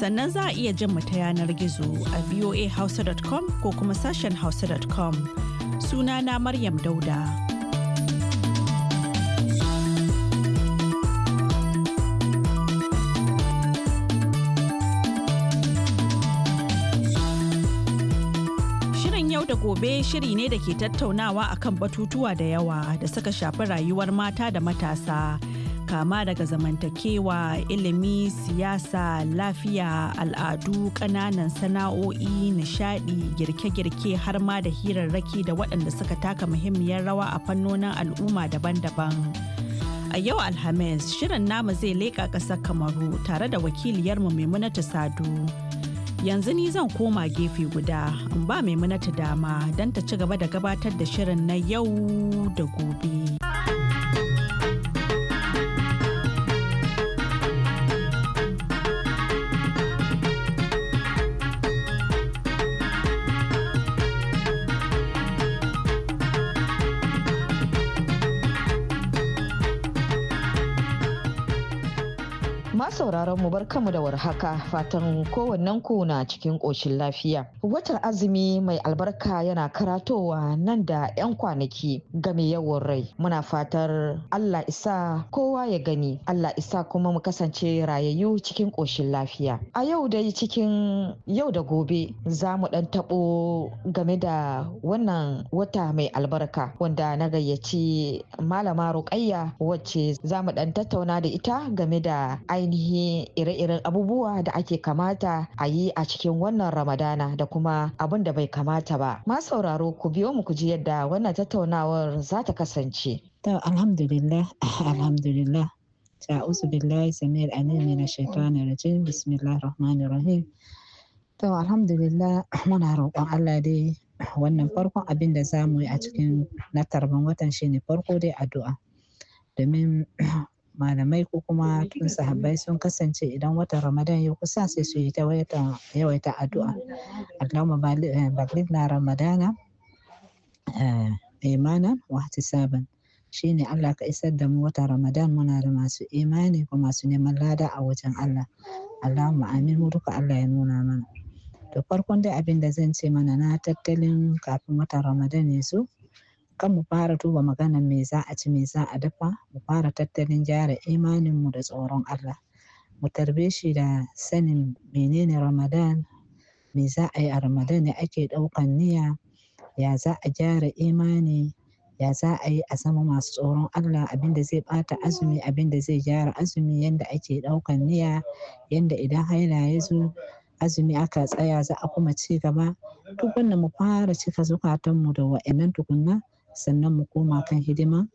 sannan za a iya jin mu ta yanar gizo a voahausa.com ko kuma sashen hausa.com na maryam dauda. da gobe shiri ne da ke tattaunawa akan batutuwa da yawa da suka shafi rayuwar mata da matasa kama daga zamantakewa ilimi siyasa lafiya al'adu ƙananan sana'o'i nishadi girke-girke har ma da hirarraki da waɗanda suka taka muhimmiyar rawa a fannonin al'umma daban-daban a yau alhamis shirin namu zai leƙa ƙasar kamaru tare da wakiliyarmu maimunatu sadu yanzu ni zan koma gefe guda in ba maimunatu dama don ta ci gaba da gabatar da shirin na yau da gobe. sauraron mu kamu da warhaka fatan kowannen ku na cikin ƙoshin lafiya. Watan azumi mai albarka yana karatowa nan da 'yan kwanaki game yawan rai. Muna fatar Allah isa kowa ya gani, Allah isa kuma mu kasance rayayyu cikin ƙoshin lafiya. A yau dai cikin yau da gobe za mu ɗan taɓo game da wannan wata mai albarka wanda na gayyaci malama Ruƙayya wacce za mu ɗan tattauna da ita game da ainihin ainihi ire-iren abubuwa da ake kamata a yi a cikin wannan ramadana da kuma abin da bai kamata ba ma sauraro ku biyo mu ku ji yadda wannan tattaunawar za ta kasance to alhamdulillah alhamdulillah usu billahi samir amin min shaitani rajim bismillah rahmanir rahim to alhamdulillah muna roƙon Allah dai wannan farkon abin da za mu yi a cikin na tarban watan shine farko dai addu'a domin malamai ko kuma tun sahabbai sun kasance idan watan ramadan ya kusa sai su yi ta yawaita addu'a allahumma balik eh, na ramadana eh, imanan wa ihtisaban shine Allah ka isar da mu watan ramadan muna da masu imani ko masu neman lada a wajen Allah allahumma amin mu duka Allah ya nuna mana to farkon dai abin da zan ce mana na tattalin kafin watan ramadan ya zo kan mu fara duba magana me za a ci me za a dafa mu fara tattalin gyara imanin mu da tsoron Allah mu tarbe shi da sanin menene Ramadan me za a yi a Ramadan ne ake ɗaukan niyya ya za a gyara imani ya za a yi a zama masu tsoron Allah abinda zai bata azumi abinda zai gyara azumi yanda ake ɗaukan niyya yanda idan haila ya zo azumi aka tsaya za a kuma ci gaba duk wannan mu fara cika zukatanmu da wa'annan tukunna sannan mu koma kan hidima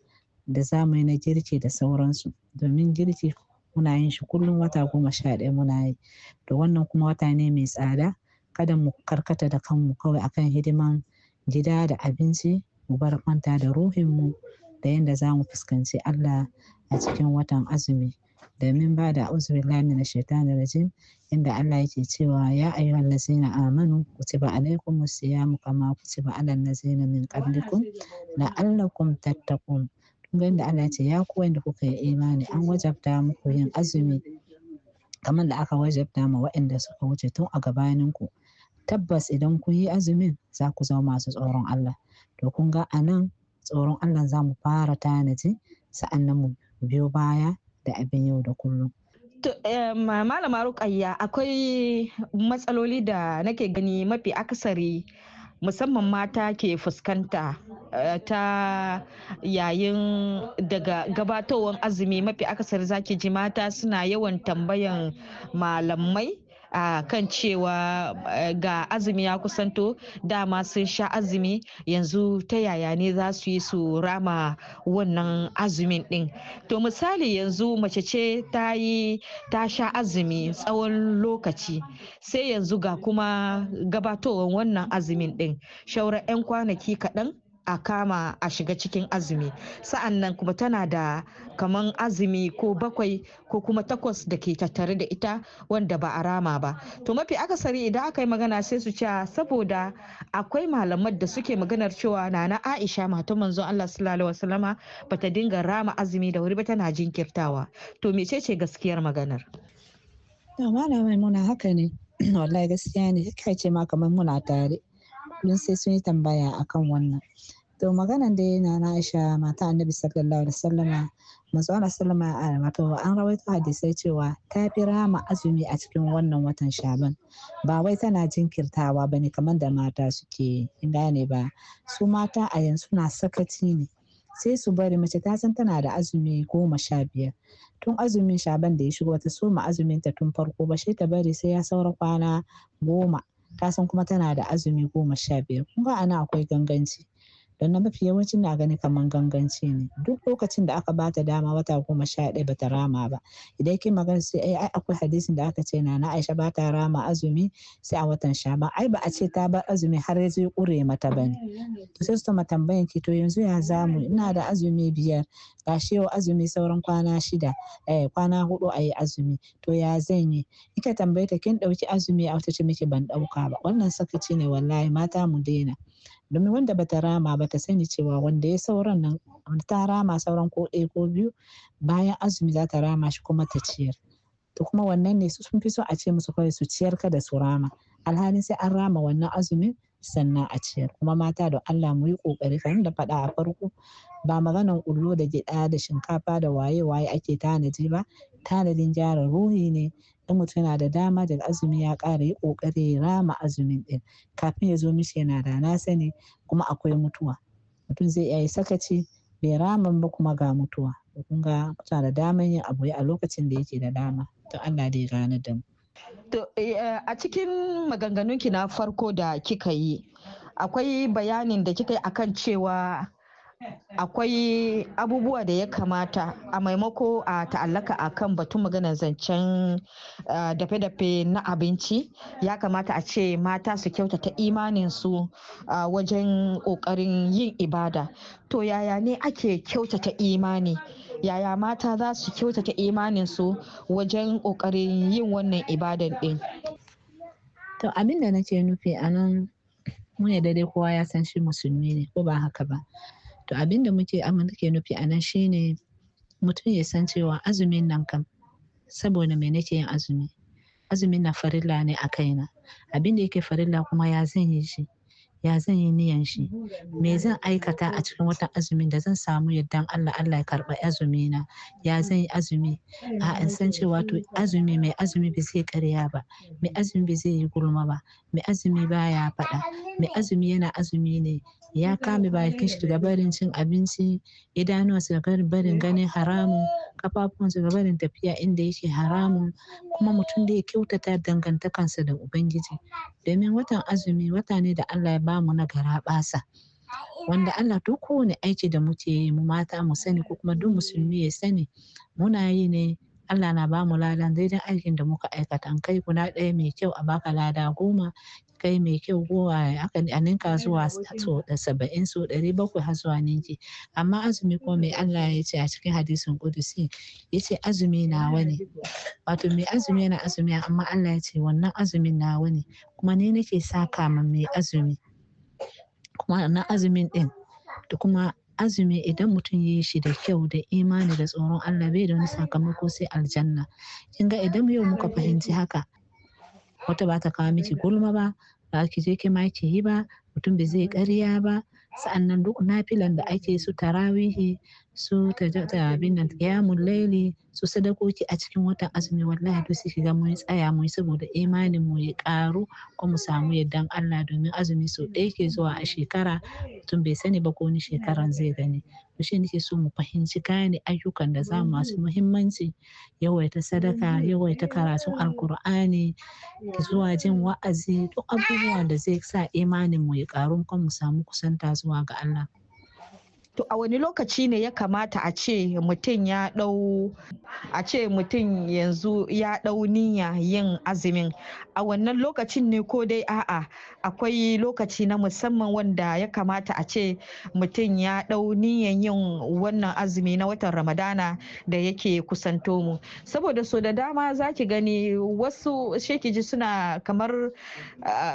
da mu yi na girki da sauransu domin girki muna yin shi kullum wata goma sha ɗaya muna yi Da wannan kuma wata ne mai tsada kada mu karkata da kanmu kawai akan hidiman gida da abinci mu bar kwanta da ruhinmu da yadda za mu fuskanci Allah a cikin watan azumi domin ba da auzubillahi mina shaitani rajim inda Allah yake cewa ya ayyuhan lazina amanu kutiba alaikum siyamu kama kutiba alal lazina min qablikum la'allakum tattaqun kun ga inda Allah ce ya ku wanda kuka yi imani an wajabta muku yin azumi kamar da aka wajabta ma waɗanda suka wuce tun a gabaninku tabbas idan ku yi azumin za ku zama masu tsoron Allah to kun ga a nan tsoron Allah za mu fara tanaji sa'annan mu biyo baya da abin yau da kullum. Eh, Malama Rukayya akwai matsaloli da nake gani mafi akasari musamman mata ke fuskanta eh, ta yayin daga gabatowar azumi mafi akasari zaki ji mata suna yawan tambayan malamai a kan cewa eh, ga azumi ya kusanto dama sun sha azumi yanzu ta yaya ne za su yi su rama wannan azumin din to misali yanzu mace ce ta yi ta sha azumi tsawon lokaci sai yanzu ga kuma gabatowar wannan azumin din shaura 'yan kwanaki kaɗan a kama a shiga cikin azumi sa'annan kuma tana da kamar azumi ko bakwai ko kuma takwas da ke tattare da ita wanda ba a rama ba to mafi akasari idan aka yi magana sai su cewa saboda akwai malamai da suke maganar cewa nana aisha matan manzon allah sallallahu alaihi ta dinga rama azumi da wuri ba tana jinkirtawa to mecece gaskiyar maganar muna haka ne wallahi gaskiya ne kai ce ma kamar muna tare sai sun yi tambaya akan wannan to maganan da na na Aisha mata Annabi sallallahu alaihi wasallama manzo Allah sallama wato an rawaito hadisai cewa ta fi ma azumi a cikin wannan watan Shaban ba wai tana jinkirtawa ne kamar da mata suke gane ba su mata a yanzu na sakaci ne sai su bari mace ta san tana da azumi goma sha biyar tun azumin shaban da ya shigo ta soma azumin ta tun farko ba sai ta bari sai ya saura kwana goma ta san kuma tana da azumi goma sha biyar kun ga ana akwai ganganci don na mafi yawanci na gani kamar ganganci ne duk lokacin da aka bata dama wata goma sha ɗaya bata rama ba idan kin magana sai eh, ai akwai hadisin da aka ce na na Aisha bata rama azumi sai a watan sha ba ai ba a ce ta ba azumi har zai kure mata bane to sai su ta tambayan ki to yanzu ya zamu ina da azumi biyar gashi yau azumi sauran kwana shida eh kwana hudu ayi azumi to ya zan yi kika tambaye ta kin dauki azumi a wata ce miki ban dauka ba wannan sakaci ne wallahi mata mu daina domin wanda bata rama ba ta sani cewa wanda ya sauran nan wanda ta rama sauran ko ɗaya ko biyu bayan azumi za ta rama shi kuma ta ciyar to kuma wannan ne sun fi so a ce musu kawai su ciyar kada su rama alhalin sai an rama wannan azumin sannan a ciyar kuma mata da Allah mu yi kokari kan da faɗa a farko ba maganan ƙullo da gida da shinkafa da waye waye ake tanaji ba tanadin gyara ruhi ne in mutum yana da dama daga azumi ya ƙara yi ƙoƙari ya rama azumin ɗin kafin ya zo mishi yana da na sani kuma akwai mutuwa mutum zai iya yi sakaci bai rama ba kuma ga mutuwa kun ga mutum da dama yin abu a lokacin da yake da dama to Allah dai gane da mu to eh, a cikin maganganunki na farko da kika yi akwai bayanin da kika yi akan cewa akwai abubuwa da ya kamata a maimako a ta'allaka a kan batun maganar zancen eh, dafe-dafe na abinci ya kamata a ce mata su kyautata imaninsu eh, wajen ƙoƙarin yin ibada to yaya ne ake kyautata imani yaya mata za su kyautata imaninsu wajen ƙoƙarin yin wannan ibadan ɗin to abin da nake nufi anan nan mun yadda dai kowa ya san shi musulmi ne ko ba haka ba to abin da muke ke nufi a nan shine mutum ya san cewa azumin nan kam saboda me nake yin azumi azumin na farilla ne a kaina abin da yake farilla kuma ya zan yi shi ya zan yi niyan shi me zan aikata a cikin watan azumin da zan samu yaddan Allah Allah ya karba azumi na ya zan yi azumi a an san cewa to azumi mai azumi bai zai karya ba mai azumi bai zai yi gulma ba mai azumi baya faɗa mai azumi yana azumi ne ya kame bakin shi daga barin cin abinci su daga barin ganin haramun su daga barin tafiya inda yake haramun kuma mutum da ya kyautata dangantakansa da ubangiji domin watan azumi wata ne da allah ya bamu na gara basa wanda allah duk kowane aiki da muke yi mu mata mu sani ko kuma duk musulmi ya sani muna yi ne Allah na bamu ladan daidan aikin da muka aikata an kai guda ɗaya mai kyau a baka lada goma kai mai kyau ko a ninka zuwa da saba'in su ɗari bakwai har zuwa ninki amma azumi ko mai Allah ya ce a cikin hadisin kudusi ya ce azumi na wani wato mai azumi na azumi amma Allah ya ce wannan azumin na wani kuma ni nake saka ma mai azumi kuma wannan azumin ɗin da kuma azumi idan mutum ya yi shi da kyau da imani da tsoron Allah bai da wani sakamako sai aljanna kin ga idan yau muka fahimci haka wata ba ta kawo miki gulma ba ba ki je ki ma ki yi ba mutum bai zai karya ba sa'annan duk nafilan da ake su tarawihi su abin nan kiyamun laili su sadakoki a cikin watan azumi wallahi duk su ga mun tsaya mun saboda imanin mu ya karu ko mu samu yaddan Allah domin azumi sau ɗaya ke zuwa a shekara mutum bai sani ba ko wani shekaran zai gani shi nake so mu fahimci gane ayyukan da za masu mm. muhimmanci yawaita sadaka mm. yawaita karatun alkur'ani zuwa jin wa'azi duk abubuwan da zai sa imanin mu ya karu kuma mu samu kusanta zuwa ga Allah to a wani lokaci ne ya kamata a ce mutum ya dau a ce mutum yanzu ya dau niyya yin azumin a wannan lokacin ne ko dai a'a akwai lokaci na musamman wanda ya kamata a ce mutum ya dau niyyan yin wannan azumi na watan ramadana da yake kusanto mu saboda so da dama zaki gani wasu shekiji suna kamar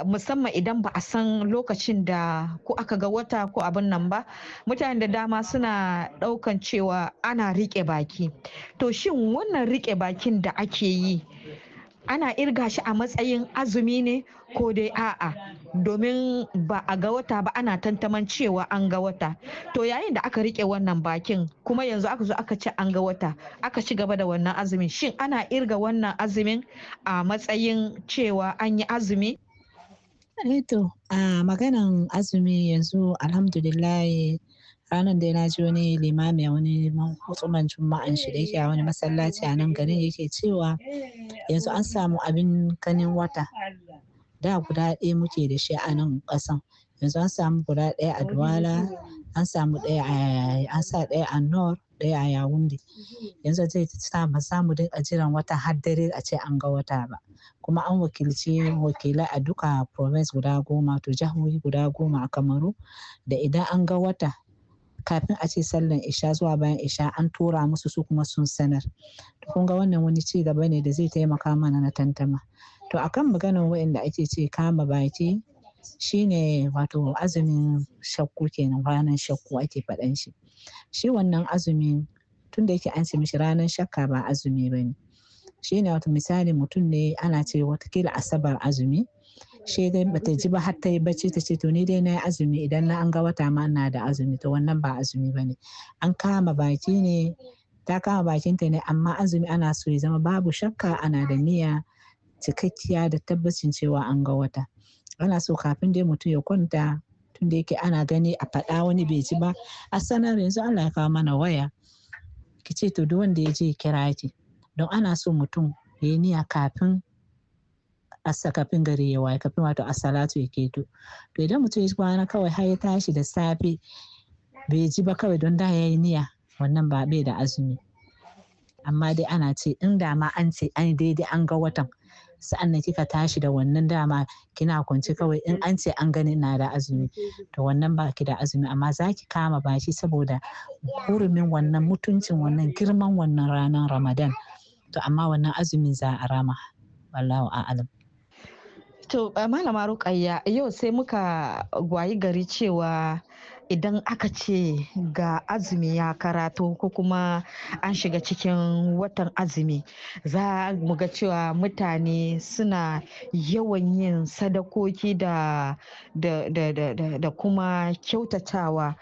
musamman idan ba a san lokacin da ko aka ga wata ko abin nan ba mutane da dama suna ɗaukan cewa ana rike baki to shin wannan rike bakin da ake yi ana irga shi a matsayin azumi ne ko dai a'a domin ba a ga wata ba ana tantaman cewa an ga wata to yayin da aka rike wannan bakin kuma yanzu aka zo aka ce an ga wata aka ci gaba da wannan azumin shin ana irga wannan azumin a matsayin cewa an yi azumi eh to a maganan azumi yanzu alhamdulillah Ranar dai na ji wani limami wani hutsuman juma'an shi da yake a wani masallaci a nan garin yake cewa yanzu an samu abin kanin wata. Da guda ɗaya muke da shi a nan ƙasan. Yanzu an samu guda ɗaya a Duwala, an samu ɗaya a an sa ɗaya a Nor, ɗaya a Yawunde. Yanzu zai sa ba za mu dinga jiran wata har dare a ce an ga wata ba. Kuma an wakilci wakilai a duka province guda goma to jihohi guda goma a Kamaru da idan an ga wata kafin a ce sallan isha zuwa bayan isha an tura musu su kuma sun sanar to kun ga wannan wani ci gaba ne da zai taimaka mana na tantama to akan maganar wa'inda ake ce kama baki shine wato azumin shakku kenan ranar shakku ake faɗan shi shi wannan azumin tun da yake an ce mishi ranar shakka ba azumi ba ne shine wato misali mutum ne ana ce watakila asabar azumi she dai bata ji ba har ta yi bacci ta ce to ni dai na yi azumi idan na an ga wata ma ina da azumi to wannan ba azumi ba ne an kama baki ne ta kama bakinta ne amma azumi ana so ya zama babu shakka ana da niyya cikakkiya da tabbacin cewa an ga wata ana so kafin dai mutum ya kwanta tun da yake ana gani a faɗa wani bai ji ba a sanar yanzu Allah ya kawo mana waya ki ce to duk wanda ya je kira ki don ana so mutum ya yi niyya kafin asa kafin gari ya waye kafin wato asalatu ya keto to idan mutum ya kwana kawai har ya tashi da safe bai ji ba kawai don da ya yi niyya wannan ba bai da azumi amma dai ana ce in da ma an ce an daidai an ga watan sa'an nan kika tashi da wannan dama kina kwance kawai in an ce an gani na da azumi to wannan ba ki da azumi amma za ki kama bashi saboda hurumin wannan mutuncin wannan girman wannan ranar ramadan to amma wannan azumin za a rama wallahu a'alam To malama rukayya yau sai muka gwayi gari cewa idan aka ce ga azumi ya karato ko kuma an shiga cikin watan azumi za mu ga cewa mutane suna yawan yin sadakoki da kuma kyautatawa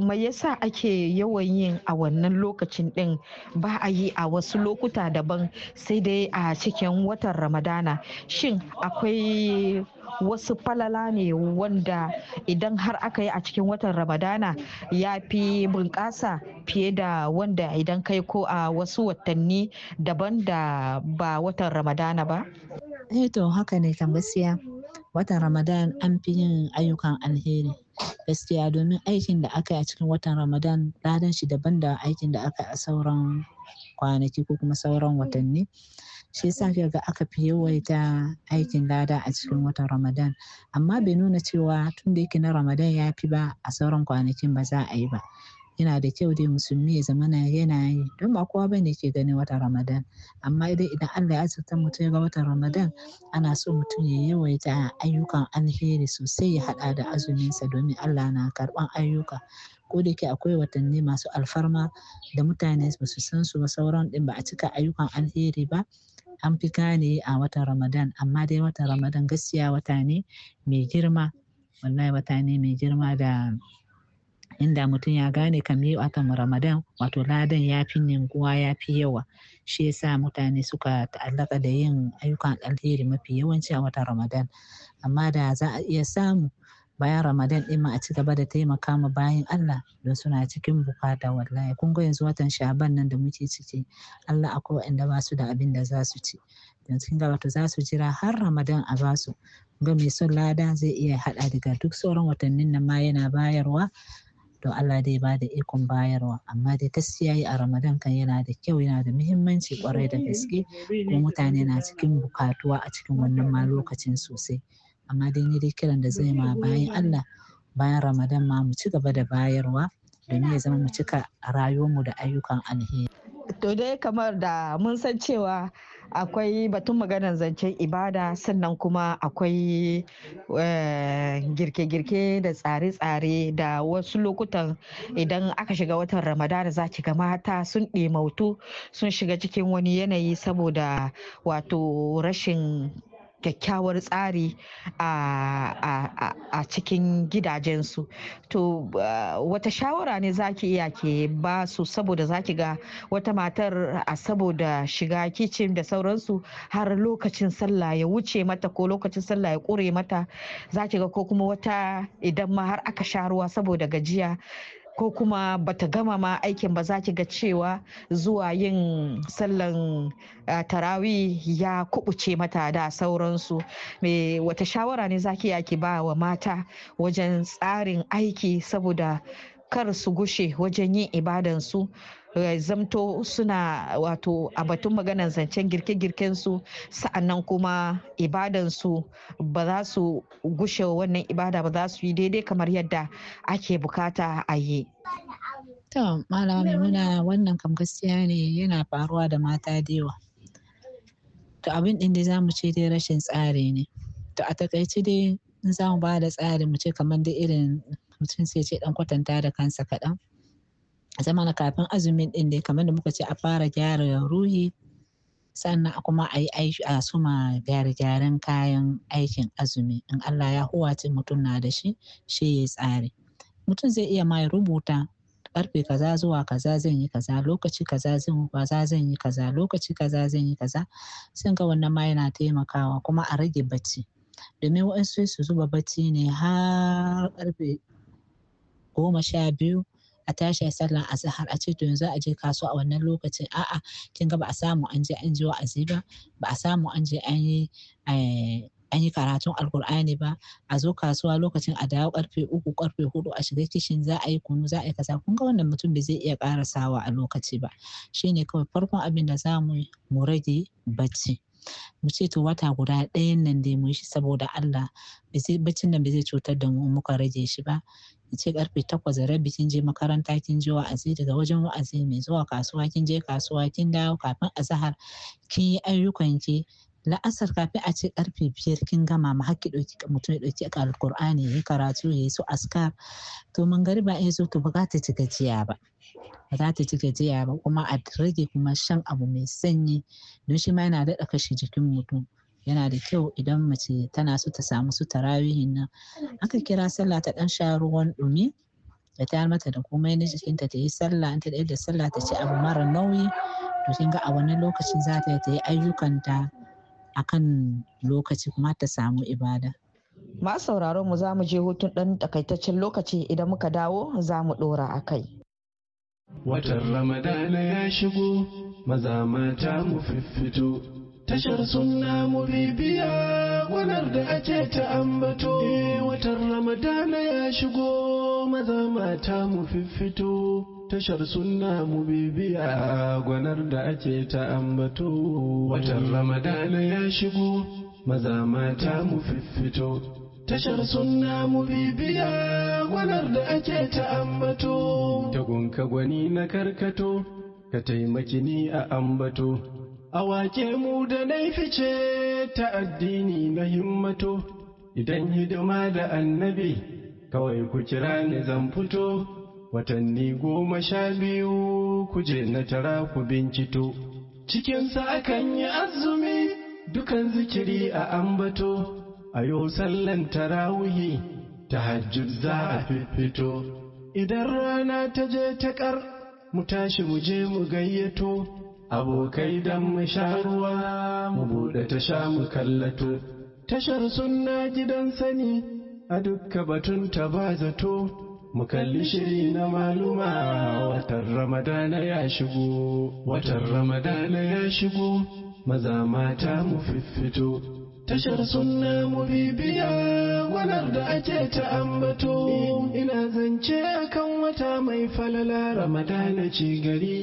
mai yasa ake yawan yin a wannan lokacin din ba a yi a wasu lokuta daban sai dai a cikin watan ramadana shin akwai wasu falala ne wanda idan har aka yi a cikin watan ramadana ya fi bunƙasa fiye da wanda idan kai ko a wasu watanni daban da ba watan ramadana ba? eh to haka ne kan watan ramadan an fi yin ayyukan alheri gaskiya domin aikin da aka yi a cikin watan Ramadan ladan shi daban da aikin da aka yi a sauran kwanaki ko kuma sauran watanni. Shi yasa ga aka fi yawaita aikin lada a cikin watan Ramadan. Amma bai nuna cewa tun da yake na Ramadan ya fi ba a sauran kwanakin ba za a yi ba. yana da kyau dai musulmi ya zama na yana yi don ba kowa bane ke ganin watan ramadan amma idan idan allah ya azurta mutum ya ga watan ramadan ana so mutum ya yawaita ayyukan alheri sosai ya haɗa da azuminsa domin allah na karban ayyuka ko da ke akwai watanni masu alfarma da mutane ba su san su ba sauran din ba a cika ayyukan alheri ba an fi gane a watan ramadan amma dai watan ramadan gaskiya wata ne mai girma wallahi wata ne mai girma da inda mutum ya gane kam yi akan ramadan wato ladan ya fi ninguwa ya fi yawa shi yasa mutane suka ta'allaka da yin ayyukan alheri mafi yawanci a watan ramadan amma da za a iya samu bayan ramadan din ma a ci gaba da taimaka ma bayan allah don suna cikin bukata wallahi kun ga yanzu watan Shaban nan da muke ciki allah akwai waɗanda ba su da abin da za su ci yanzu kin ga wato za su jira har ramadan a basu ga mai son lada zai iya haɗa daga duk sauran watannin nan ma yana bayarwa to Allah dai ba da ikon bayarwa amma dai gaskiya yi a ramadan kan yana da kyau yana da muhimmanci kwarai da gaske ko mutane na cikin bukatuwa a cikin wannan ma lokacin sosai amma dai ni dai kiran da zai ma bayan Allah bayan ramadan ma mu ci gaba da bayarwa don ya zama mu cika rayuwar mu da ayyukan alheri to dai kamar da mun san cewa akwai batun maganar zancen ibada sannan kuma akwai eh, girke-girke da tsare-tsare da wasu lokutan idan aka shiga watan ramadana za ki ga mata sun ɗemautu sun shiga cikin wani yanayi saboda wato rashin kyakkyawar tsari a cikin gidajensu to wata shawara ne za ki iya ke ba su saboda za ki ga wata matar a saboda shiga kicin da sauransu har lokacin sallah ya wuce mata ko lokacin sallah ya kure mata za ki ga ko kuma wata idan ma har aka sha ruwa saboda gajiya ko kuma bata gama ma aikin ba za ki ga cewa zuwa yin sallan tarawi ya kubuce mata da sauransu me wata shawara ne za zaki yaki ba wa mata wajen tsarin aiki saboda kar su gushe wajen yin ibadansu Eh, zamto suna wato a batun maganar zancen girke-girken su sa'annan kuma ibadan su ba za su gushe wannan ibada ba za su yi daidai kamar yadda ake bukata a yi to malama nuna wannan kam gaskiya ne yana faruwa da mata da yawa to abin din da zamu ce dai rashin tsari ne to a takaice dai in zamu ba da tsari mu ce kamar da irin mutum sai ce dan kwatanta da kansa kaɗan zama na kafin azumin ɗin dai kamar da muka ce a fara gyara ruhi sannan kuma a yi a suma gyare-gyaren kayan aikin azumi in Allah ya huwace mutum na da shi shi ya tsari mutum zai iya mai rubuta karfe kaza zuwa kaza zan yi kaza lokaci kaza zan kaza zan yi kaza lokaci kaza zan yi kaza sun ga wannan ma yana taimakawa kuma a rage bacci domin wa'in su zuba bacci ne har karfe goma sha biyu a tashi ya sallan asahar a ce to yanzu a je kasuwa a wannan lokacin a'a kin ga ba a samu an je an ji wa'azi ba ba a samu an je an yi eh, an yi karatun alkur'ani ba a zo kasuwa lokacin a dawo karfe uku karfe hudu a shiga kishin za a yi kunu za a yi kasa kun ga wannan mutum bai zai iya karasawa a lokaci ba shine kawai farkon abin da za mu mu rage bacci mu ce to wata guda ɗayan nan dai mu shi saboda Allah baccin nan ba zai cutar da mu muka rage shi ba ce karfe takwas rabi kin je makaranta kin je wa'azi daga wajen wa'azi mai zuwa kasuwa kin je kasuwa kin dawo kafin azahar kin yi ayyukan ki la'asar kafin a ce karfe biyar kin gama ma hakki ɗauki mutum ya ɗauki alkur'ani ya yi karatu ya yi su askar to ba in so ki ba ta ci gajiya ba ba za ta ci gajiya ba kuma a rage kuma shan abu mai sanyi don shi ma yana daɗa kashe jikin mutum yana da kyau idan mace tana so ta samu su tarawihin nan aka kira sallah ta ɗan sha ruwan ɗumi da ta mata da komai na jikinta ta yi sallah in ta da sallah ta ci abu mara nauyi to kin ga a wani lokacin za ta yi ta yi ayyukanta a kan lokaci kuma ta samu ibada. Ma sauraron mu za mu je hutun ɗan takaitaccen lokaci idan muka dawo za mu ɗora a kai. Watan Ramadana ya shigo, maza mata mu fiffito. Tashar suna eh, mu bibiya gwanar da ake ta ambato. Watan Ramadana ya shigo, maza mata mu fiffito. Tashar suna mu bibiya gwanar da ake ta ambato. Watan Ramadana ya shigo, maza mata mu fiffito. tashar sunna mu bibiya gwanar da ake ta ambato ta gunka gwani na karkato ka taimaki ni a ambato awake mu da fice ta addini na himmato idan hidima da annabi kawai ku kira ni zan fito watanni goma sha biyu kuje na tara ku bincito cikinsa akan yi azumi dukan zikiri a ambato a yau sallan tarawihi tahajjud za a fito. idan rana ta je ta ƙar mu tashi mu je mu gayyato abokai don mu sha ruwa mu buɗe ta sha mu kallato tashar sunna gidan sani a dukka batun ta ba zato mu kalli shiri na maluma watan ramadana ya shigo watan ramadana ya shigo maza mata mu fiffito tashar suna mu bibiya wanar da ake ta ambato ina zance akan wata mai falala ramadana ce gari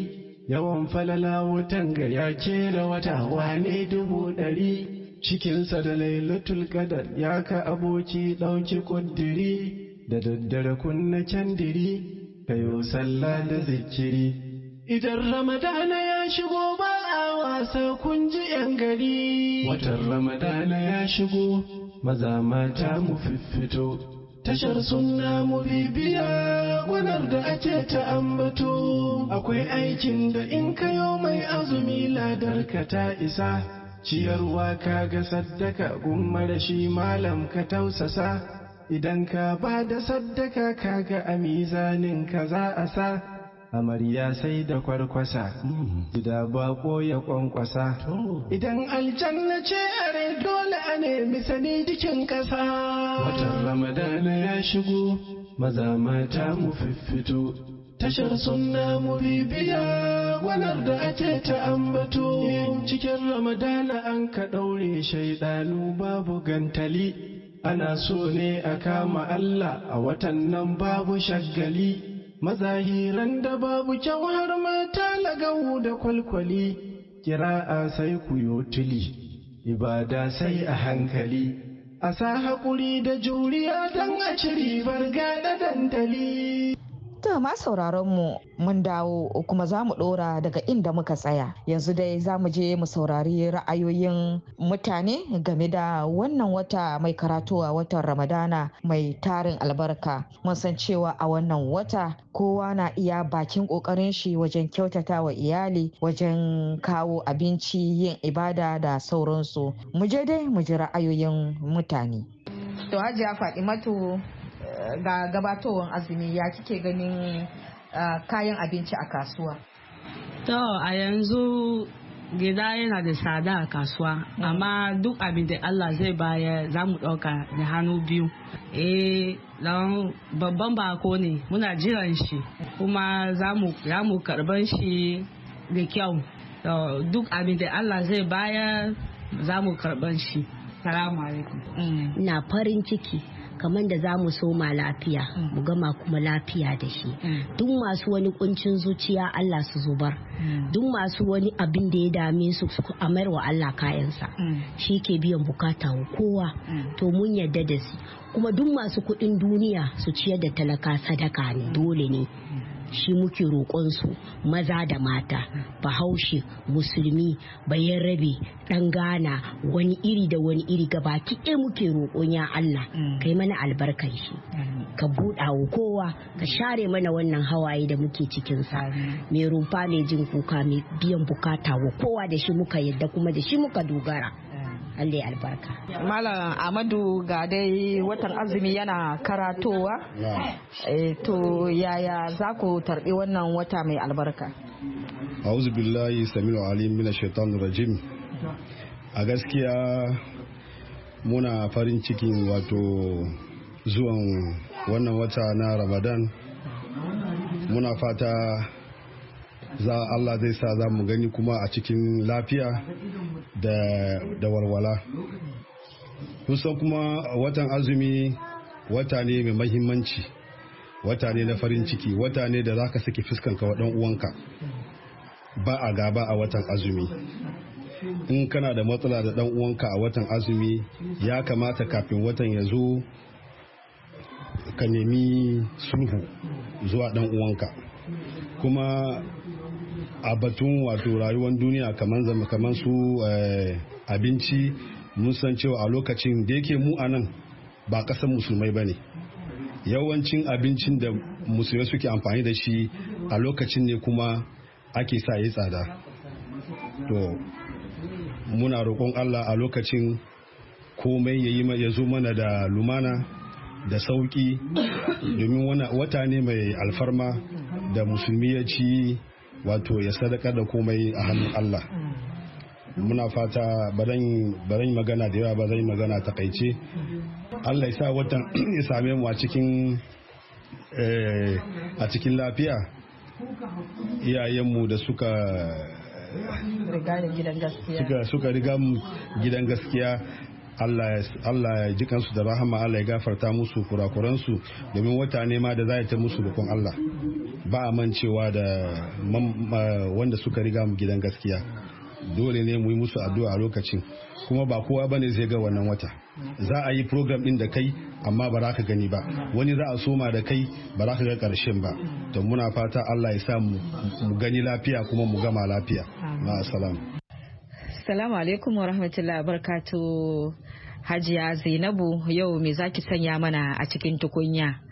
yawan falala wutan ga ya da wata wane dubu ɗari cikinsa da lailatul qadar ya ka aboki ɗauki kuddiri da daddare kunna candiri kayo sallah da zikiri Idan Ramadana ya shigo ba a wasa kun ji ‘yan gari. Watan Ramadana ya shigo, maza mata mu fiffito. Tashar sunna mu bibiya gwanar da ake ta ambato. Akwai aikin da in kayo mai azumi ladar ka ta isa. Ciyarwa ka ga saddaka gummar shi malam ka tausasa. Idan ka ba da saddaka ka ga a mizanin ka za a sa. amarya sai da kwarkwasa hmm, gida bako ya kwankwasa idan aljanna ce are dole a nemi sani jikin kasa watan ramadana ya shigo maza mata mu fiffito tashar sunna mu bibiya gwanar da ake ta ambato cikin ramadana an ka ɗaure shaidanu babu gantali ana so ne a kama allah a watan nan babu shagali. mazahiran da babu kyau har mata lagawu da kwalkwali kira'a sai ku tuli ibada sai a hankali a sa haƙuri da juriya don a ci ribar gaɗa dandali To ma sauraron mu mun dawo kuma za mu ɗora daga inda muka tsaya. Yanzu dai za mu je mu saurari ra'ayoyin mutane game da wannan wata mai karatu a watan Ramadana mai tarin albarka. Mun san cewa a wannan wata kowa na iya bakin ƙoƙarin shi wajen kyautata wa iyali wajen kawo abinci yin ibada da sauransu. Mu je dai mu ji ra'ayoyin mutane. To Hajiya Fadimatu Eh, ga gabatowar azumi ya kike ganin eh, kayan abinci a kasuwa to a yanzu gida yana da tsada a kasuwa mm. amma duk abin da Allah zai baya za mu ɗauka da hannu biyu e don babban bako ne muna jiran shi kuma za mu karban shi da kyau duk abin da Allah zai baya za mu karban shi salamu alaikum na farin ciki kamar da za mu soma lafiya mm. mu gama kuma lafiya da shi mm. duk masu wani kuncin zuciya Allah su zubar mm. duk masu wani abin da ya dame su su wa Allah kayansa shi ke biyan bukata wa kowa to mun yadda da su kuma duk masu kuɗin duniya su ciyar da talaka sadaka ne dole ne shi muke roƙonsu maza da mata bahaushe musulmi bayan rabe ɗan gana wani iri da wani iri gaba ɗaya muke roƙon ya Allah mm. kai mana albarkar shi ka buɗa wa kowa ka share mana wannan hawaye da muke cikin cikinsa mai rumfa mai jin kuka mai biyan bukata wa kowa da shi muka yadda kuma da shi muka dogara Allah ya albarka. Malam Amadu ga dai watan azumi yana karatowa. Eh, to yaya za ku tarbi wannan wata mai albarka? A'udhu billahi samilu alim min shaitan rajim. A gaskiya muna farin cikin wato zuwan wannan wata na Ramadan. Muna fata za Allah zai sa za mu gani kuma a cikin lafiya da walwala kusa kuma watan azumi wata ne mai mahimmanci wata ne na farin ciki wata ne da zaka saki fuskanka wa uwanka ba a gaba a watan azumi in kana da matsala da ɗan uwanka a watan azumi ya kamata kafin watan ya zo ka nemi sulhu zuwa ɗan uwanka kuma a batun wato rayuwar duniya kamar zama kamar su eh, abinci mun san cewa a lokacin da yake mu a ba kasan musulmai ba ne yawancin abincin da musulmai suke amfani da shi a lokacin ne kuma ake sa yi tsada to muna roƙon allah a lokacin komai ya zo mana da lumana da sauƙi domin wata ne mai alfarma da musulmi ya ci wato ya sadaka da komai a hannun Allah muna fata barin magana da yawa ba zai magana ta kaice Allah ya sa watan ya same mu a cikin eh, a cikin lafiya iyayenmu da suka suka riga mu gidan gaskiya Allah ya ji kansu da rahama Allah ya gafarta musu kurakuransu domin wata ne ma da za ta musu rukun Allah ba a mancewa da wanda suka riga mu gidan gaskiya dole ne mu yi musu addu'a a lokacin kuma ba kowa ba ne zai ga wannan wata za a yi program din da kai amma ba za ka gani ba wani za a soma da kai ba za ka ga karshen ba to muna fata Allah ya sa mu gani lafiya kuma mu gama lafiya ma salam salamu alaikum wa rahmatullahi barkatu hajiya zainabu yau me zaki sanya mana a cikin tukunya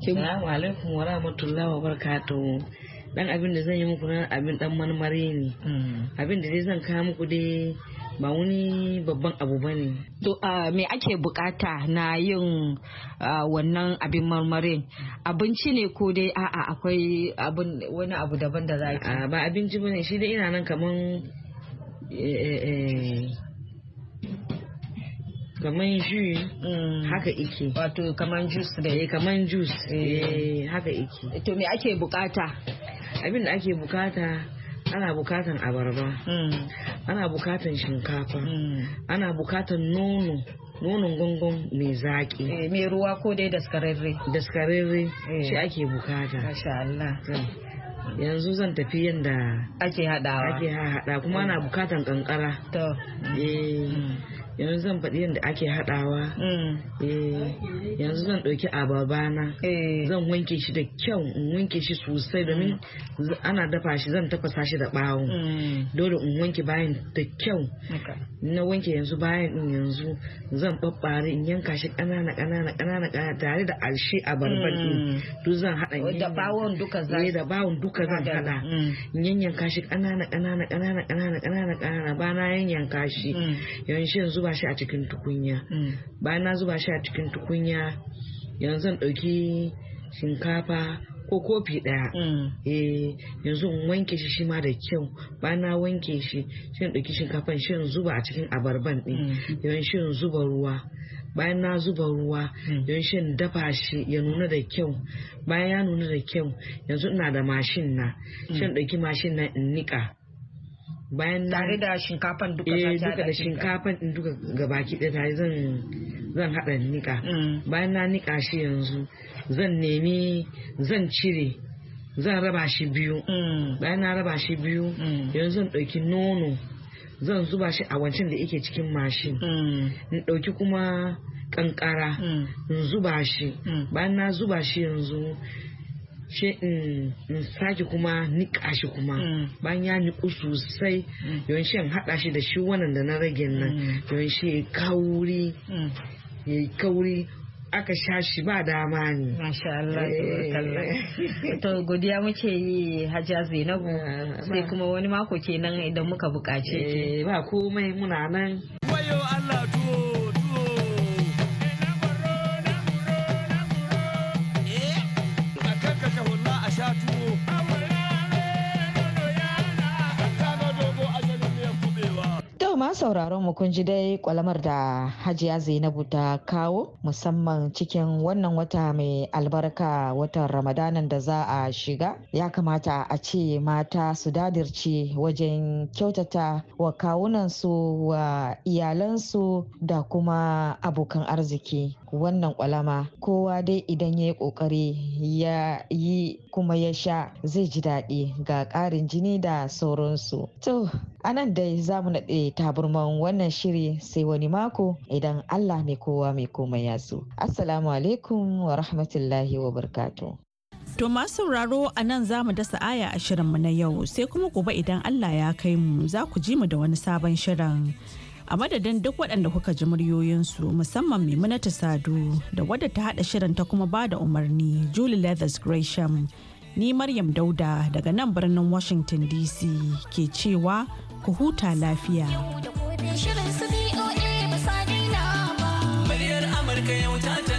Assalamu alaikum wa rahmatullahi wa barakatuhu. Dan abin da zan yi muku nan abin dan marmari ne. Hmm. Abin da zai zan kawo muku dai ba wani babban abu ba ne. To me ake bukata na yin wannan abin marmarin? Abinci ne ko dai a'a akwai wani abu daban da za ki? Ba abinci ba ne shi dai ina nan kaman eh, eh, eh, kaman ju mm. haka ike wato kaman juice da kaman juice eh haka ike eh, to me ake bukata abin da ake bukata ana bukatan abarba mm. ana bukatan shinkafa mm. ana bukatan nono nonon gongon mai zaƙi. Eh, mai ruwa ko dai daskararre. Daskararre eh. shi ake bukata. Masha Allah. Yanzu zan tafi yadda ake haɗawa. Ake haɗa kuma ana bukatan kankara. yanzu zan faɗi yadda ake haɗawa mm. eh, yanzu zan ɗauki ababana eh. zan wanke shi da kyau in wanke shi sosai domin mm. ana dafa shi zan tafasa shi da ɓawo mm. dole in wanke bayan da kyau na wanke yanzu bayan in yanzu zan ɓaɓɓare in yanka shi ƙanana ƙanana ƙanana tare da alshi a barbar ɗin duk zan haɗa da bawon duka zan eh, da bawon duka zan haɗa in yanyanka shi ƙanana ƙanana ƙanana ƙanana ƙanana bana yanyanka shi yanzu ba zuba shi a cikin tukunya mm. bayan na zuba shi a cikin tukunya yanzu zan ɗauki shinkafa ko kofi ɗaya mm. eh yanzu in wanke shi shi ma da kyau bayan na wanke shi shi ɗauki shinkafan shi zuba a cikin abarban ɗin mm. yawan shi zuba ruwa bayan na zuba ruwa yawan shi dafa shi ya nuna da kyau bayan ya nuna da kyau yanzu ina da mashin na shi ɗauki mashin na in niƙa bayan tare da shinkafan duka eh duka da shinkafan din duka gabaki ɗaya tare zan zan haɗa nika mm. bayan na nika shi yanzu zan nemi zan cire zan raba shi biyu mm. bayan na raba shi biyu mm. yanzu zan ɗauki nono zan zuba shi a wancan da yake cikin mashin in ɗauki kuma kankara in zuba shi bayan na zuba shi yanzu shi in sake kuma niƙa shi kuma mm. bayan ya niƙu sosai mm. yawan shi in haɗa shi da shi wannan da na rage nan mm. yawan shi ya kauri ya kauri aka sha shi ba dama ne. Masha Allah, eh. to godiya muke yi Hajiya Zainabu ah, ah, ah. sai kuma wani mako kenan idan muka buƙace eh, Ba komai muna nan. Wayo Allah tuwo. sauraron mu kun ji dai kwalamar da Hajiya Zainabu ta kawo musamman cikin wannan wata mai albarka watan Ramadanan da za a shiga ya kamata a ce mata su dadirce wajen kyautata wa kawunansu wa iyalansu da kuma abokan arziki wannan kwalama kowa dai idan ya yi kokari ya yi kuma ya sha zai ji daɗi ga ƙarin jini da sauransu to anan nan dai za mu naɗe taburman wannan shiri sai wani mako idan Allah mai kowa mai komai ya so. Assalamu alaikum wa rahmatullahi wa barkatu. To masu sauraro a nan za mu dasa aya a shirinmu na yau sai kuma gobe idan Allah ya kai mu za ku ji mu da wani sabon shirin. A madadin duk waɗanda kuka ji muryoyinsu musamman maimunata Sadu da wadda ta haɗa shirin ta kuma ba da umarni Julie Leathers Gresham. Ni Maryam Dauda daga nan birnin Washington DC ke cewa ku huta lafiya. Muryar Amurka yau ta